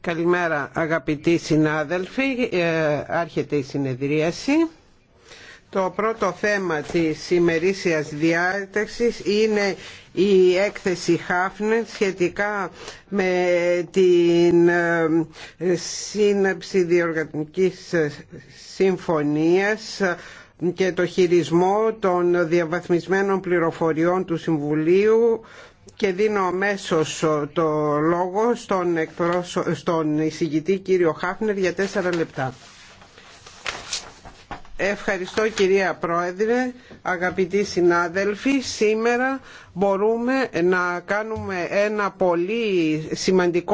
Καλημέρα αγαπητοί συνάδελφοι, ε, άρχεται η συνεδρίαση. Το πρώτο θέμα της ημερήσια διάταξης είναι η έκθεση Χάφνερ σχετικά με την ε, σύναψη διοργανικής συμφωνίας και το χειρισμό των διαβαθμισμένων πληροφοριών του Συμβουλίου και δίνω αμέσω ε, το λόγο στον, εκπρόσω... στον εισηγητή κύριο Χάφνερ για τέσσερα λεπτά. Ευχαριστώ κυρία Πρόεδρε, αγαπητοί συνάδελφοι. Σήμερα μπορούμε να κάνουμε ένα πολύ σημαντικό